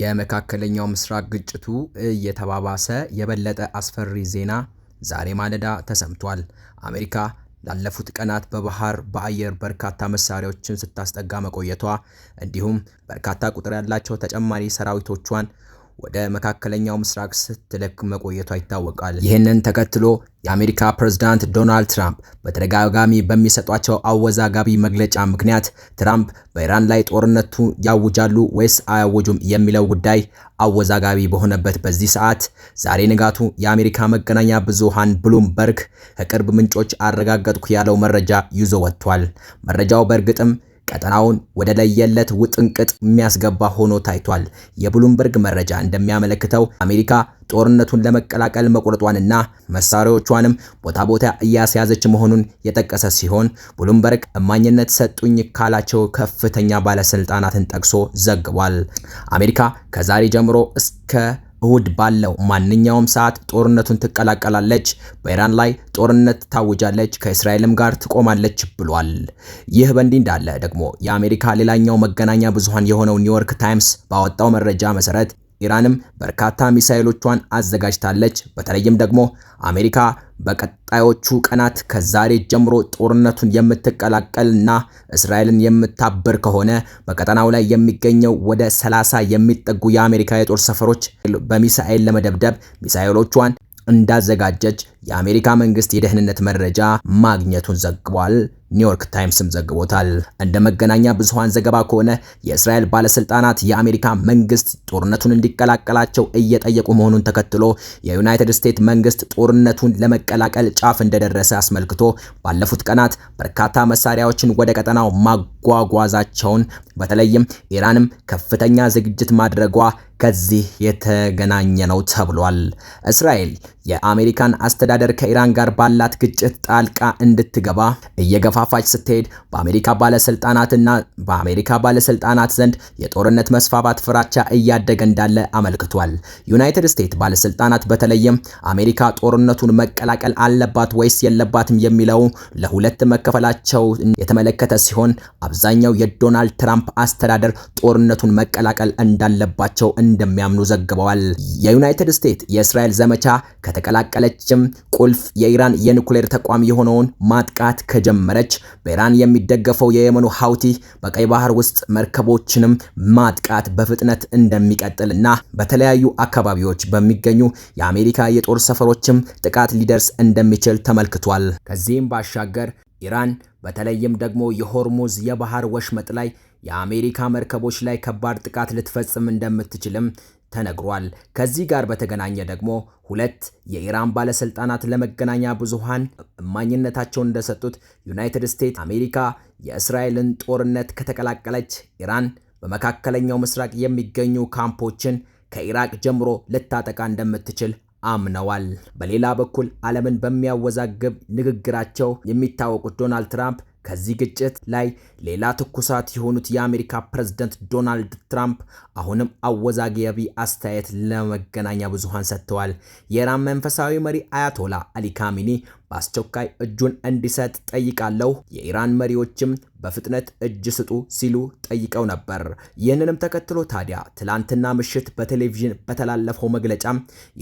የመካከለኛው ምስራቅ ግጭቱ እየተባባሰ የበለጠ አስፈሪ ዜና ዛሬ ማለዳ ተሰምቷል። አሜሪካ ላለፉት ቀናት በባህር በአየር በርካታ መሳሪያዎችን ስታስጠጋ መቆየቷ እንዲሁም በርካታ ቁጥር ያላቸው ተጨማሪ ሰራዊቶቿን ወደ መካከለኛው ምስራቅ ስትልክ መቆየቷ ይታወቃል። ይህንን ተከትሎ የአሜሪካ ፕሬዝዳንት ዶናልድ ትራምፕ በተደጋጋሚ በሚሰጧቸው አወዛጋቢ መግለጫ ምክንያት ትራምፕ በኢራን ላይ ጦርነቱ ያውጃሉ ወይስ አያውጁም የሚለው ጉዳይ አወዛጋቢ በሆነበት በዚህ ሰዓት ዛሬ ንጋቱ የአሜሪካ መገናኛ ብዙሃን ብሉምበርግ ከቅርብ ምንጮች አረጋገጥኩ ያለው መረጃ ይዞ ወጥቷል። መረጃው በእርግጥም ቀጠናውን ወደ ለየለት ውጥንቅጥ የሚያስገባ ሆኖ ታይቷል። የብሉምበርግ መረጃ እንደሚያመለክተው አሜሪካ ጦርነቱን ለመቀላቀል መቁረጧንና መሳሪያዎቿንም ቦታ ቦታ እያስያዘች መሆኑን የጠቀሰ ሲሆን ብሉምበርግ እማኝነት ሰጡኝ ካላቸው ከፍተኛ ባለስልጣናትን ጠቅሶ ዘግቧል። አሜሪካ ከዛሬ ጀምሮ እስከ እሁድ ባለው ማንኛውም ሰዓት ጦርነቱን ትቀላቀላለች፣ በኢራን ላይ ጦርነት ታውጃለች፣ ከእስራኤልም ጋር ትቆማለች ብሏል። ይህ በእንዲህ እንዳለ ደግሞ የአሜሪካ ሌላኛው መገናኛ ብዙሃን የሆነው ኒውዮርክ ታይምስ ባወጣው መረጃ መሰረት ኢራንም በርካታ ሚሳኤሎቿን አዘጋጅታለች። በተለይም ደግሞ አሜሪካ በቀጣዮቹ ቀናት ከዛሬ ጀምሮ ጦርነቱን የምትቀላቀልና እስራኤልን የምታበር ከሆነ በቀጠናው ላይ የሚገኘው ወደ 30 የሚጠጉ የአሜሪካ የጦር ሰፈሮች በሚሳኤል ለመደብደብ ሚሳኤሎቿን እንዳዘጋጀች የአሜሪካ መንግስት የደህንነት መረጃ ማግኘቱን ዘግቧል። ኒውዮርክ ታይምስም ዘግቦታል። እንደ መገናኛ ብዙሃን ዘገባ ከሆነ የእስራኤል ባለስልጣናት የአሜሪካ መንግስት ጦርነቱን እንዲቀላቀላቸው እየጠየቁ መሆኑን ተከትሎ የዩናይትድ ስቴትስ መንግስት ጦርነቱን ለመቀላቀል ጫፍ እንደደረሰ አስመልክቶ ባለፉት ቀናት በርካታ መሳሪያዎችን ወደ ቀጠናው ማጓጓዛቸውን በተለይም ኢራንም ከፍተኛ ዝግጅት ማድረጓ ከዚህ የተገናኘ ነው ተብሏል። እስራኤል የአሜሪካን አስተዳደር ከኢራን ጋር ባላት ግጭት ጣልቃ እንድትገባ እየገፋ እየተገፋፋች ስትሄድ በአሜሪካ ባለስልጣናትና በአሜሪካ ባለስልጣናት ዘንድ የጦርነት መስፋፋት ፍራቻ እያደገ እንዳለ አመልክቷል። ዩናይትድ ስቴትስ ባለስልጣናት በተለይም አሜሪካ ጦርነቱን መቀላቀል አለባት ወይስ የለባትም የሚለው ለሁለት መከፈላቸው የተመለከተ ሲሆን አብዛኛው የዶናልድ ትራምፕ አስተዳደር ጦርነቱን መቀላቀል እንዳለባቸው እንደሚያምኑ ዘግበዋል። የዩናይትድ ስቴትስ የእስራኤል ዘመቻ ከተቀላቀለችም ቁልፍ የኢራን የኒኩሌር ተቋም የሆነውን ማጥቃት ከጀመረ ሆነች። በኢራን የሚደገፈው የየመኑ ሀውቲ በቀይ ባህር ውስጥ መርከቦችንም ማጥቃት በፍጥነት እንደሚቀጥልና በተለያዩ አካባቢዎች በሚገኙ የአሜሪካ የጦር ሰፈሮችም ጥቃት ሊደርስ እንደሚችል ተመልክቷል። ከዚህም ባሻገር ኢራን በተለይም ደግሞ የሆርሙዝ የባህር ወሽመጥ ላይ የአሜሪካ መርከቦች ላይ ከባድ ጥቃት ልትፈጽም እንደምትችልም ተነግሯል። ከዚህ ጋር በተገናኘ ደግሞ ሁለት የኢራን ባለስልጣናት ለመገናኛ ብዙሃን እማኝነታቸውን እንደሰጡት ዩናይትድ ስቴትስ አሜሪካ የእስራኤልን ጦርነት ከተቀላቀለች ኢራን በመካከለኛው ምስራቅ የሚገኙ ካምፖችን ከኢራቅ ጀምሮ ልታጠቃ እንደምትችል አምነዋል። በሌላ በኩል ዓለምን በሚያወዛግብ ንግግራቸው የሚታወቁት ዶናልድ ትራምፕ ከዚህ ግጭት ላይ ሌላ ትኩሳት የሆኑት የአሜሪካ ፕሬዝደንት ዶናልድ ትራምፕ አሁንም አወዛጋቢ አስተያየት ለመገናኛ ብዙሃን ሰጥተዋል። የኢራን መንፈሳዊ መሪ አያቶላ አሊ ካሚኒ በአስቸኳይ እጁን እንዲሰጥ ጠይቃለሁ፣ የኢራን መሪዎችም በፍጥነት እጅ ስጡ ሲሉ ጠይቀው ነበር። ይህንንም ተከትሎ ታዲያ ትላንትና ምሽት በቴሌቪዥን በተላለፈው መግለጫ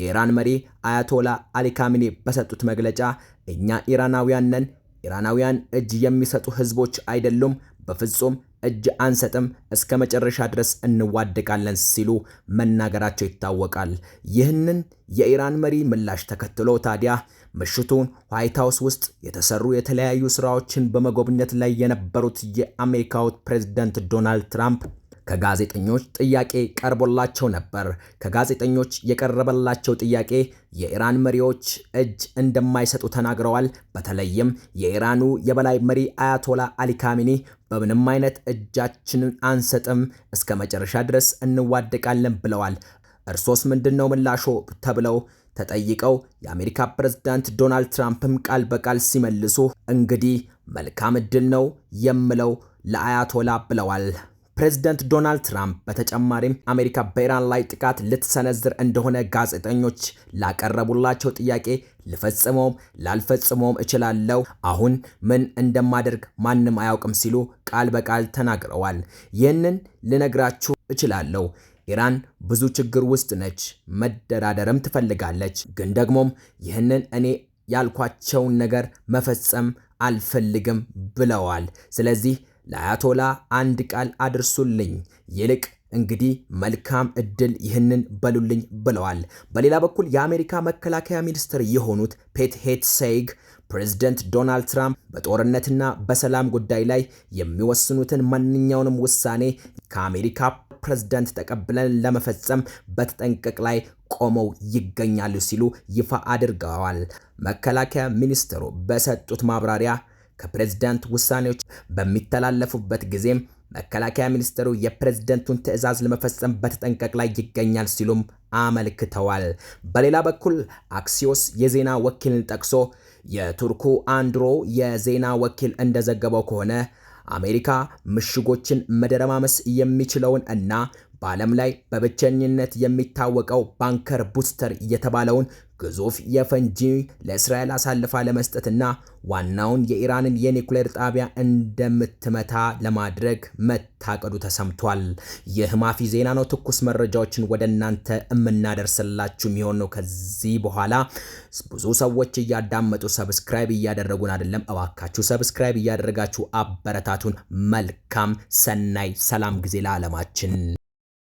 የኢራን መሪ አያቶላ አሊ ካሚኒ በሰጡት መግለጫ እኛ ኢራናውያን ነን ኢራናውያን እጅ የሚሰጡ ህዝቦች አይደሉም፣ በፍጹም እጅ አንሰጥም፣ እስከ መጨረሻ ድረስ እንዋደቃለን ሲሉ መናገራቸው ይታወቃል። ይህንን የኢራን መሪ ምላሽ ተከትሎ ታዲያ ምሽቱን ዋይት ውስጥ የተሰሩ የተለያዩ ስራዎችን በመጎብኘት ላይ የነበሩት የአሜሪካው ፕሬዝዳንት ዶናልድ ትራምፕ ከጋዜጠኞች ጥያቄ ቀርቦላቸው ነበር። ከጋዜጠኞች የቀረበላቸው ጥያቄ የኢራን መሪዎች እጅ እንደማይሰጡ ተናግረዋል። በተለይም የኢራኑ የበላይ መሪ አያቶላ አሊ ካሚኒ በምንም አይነት እጃችንን አንሰጥም፣ እስከ መጨረሻ ድረስ እንዋደቃለን ብለዋል። እርሶስ ምንድን ነው ምላሾ? ተብለው ተጠይቀው የአሜሪካ ፕሬዝዳንት ዶናልድ ትራምፕም ቃል በቃል ሲመልሱ እንግዲህ መልካም እድል ነው የምለው ለአያቶላ ብለዋል። ፕሬዝደንት ዶናልድ ትራምፕ በተጨማሪም አሜሪካ በኢራን ላይ ጥቃት ልትሰነዝር እንደሆነ ጋዜጠኞች ላቀረቡላቸው ጥያቄ ልፈጽመውም ላልፈጽመውም እችላለሁ፣ አሁን ምን እንደማደርግ ማንም አያውቅም ሲሉ ቃል በቃል ተናግረዋል። ይህንን ልነግራችሁ እችላለሁ። ኢራን ብዙ ችግር ውስጥ ነች፣ መደራደርም ትፈልጋለች። ግን ደግሞም ይህንን እኔ ያልኳቸውን ነገር መፈጸም አልፈልግም ብለዋል። ስለዚህ ለአያቶላ አንድ ቃል አድርሱልኝ፣ ይልቅ እንግዲህ መልካም እድል ይህንን በሉልኝ ብለዋል። በሌላ በኩል የአሜሪካ መከላከያ ሚኒስትር የሆኑት ፔት ሄት ሴግ ፕሬዝደንት ዶናልድ ትራምፕ በጦርነትና በሰላም ጉዳይ ላይ የሚወስኑትን ማንኛውንም ውሳኔ ከአሜሪካ ፕሬዝደንት ተቀብለን ለመፈጸም በተጠንቀቅ ላይ ቆመው ይገኛሉ ሲሉ ይፋ አድርገዋል። መከላከያ ሚኒስትሩ በሰጡት ማብራሪያ ከፕሬዝዳንት ውሳኔዎች በሚተላለፉበት ጊዜም መከላከያ ሚኒስትሩ የፕሬዝደንቱን ትዕዛዝ ለመፈጸም በተጠንቀቅ ላይ ይገኛል ሲሉም አመልክተዋል። በሌላ በኩል አክሲዮስ የዜና ወኪልን ጠቅሶ የቱርኩ አንድሮ የዜና ወኪል እንደዘገበው ከሆነ አሜሪካ ምሽጎችን መደረማመስ የሚችለውን እና በዓለም ላይ በብቸኝነት የሚታወቀው ባንከር ቡስተር የተባለውን ግዙፍ የፈንጂ ለእስራኤል አሳልፋ ለመስጠትና ዋናውን የኢራንን የኒውክሌር ጣቢያ እንደምትመታ ለማድረግ መታቀዱ ተሰምቷል። ይህ ማፊ ዜና ነው። ትኩስ መረጃዎችን ወደ እናንተ የምናደርስላችሁ የሚሆን ነው። ከዚህ በኋላ ብዙ ሰዎች እያዳመጡ ሰብስክራይብ እያደረጉን አይደለም። እባካችሁ ሰብስክራይብ እያደረጋችሁ አበረታቱን። መልካም ሰናይ ሰላም ጊዜ ለዓለማችን።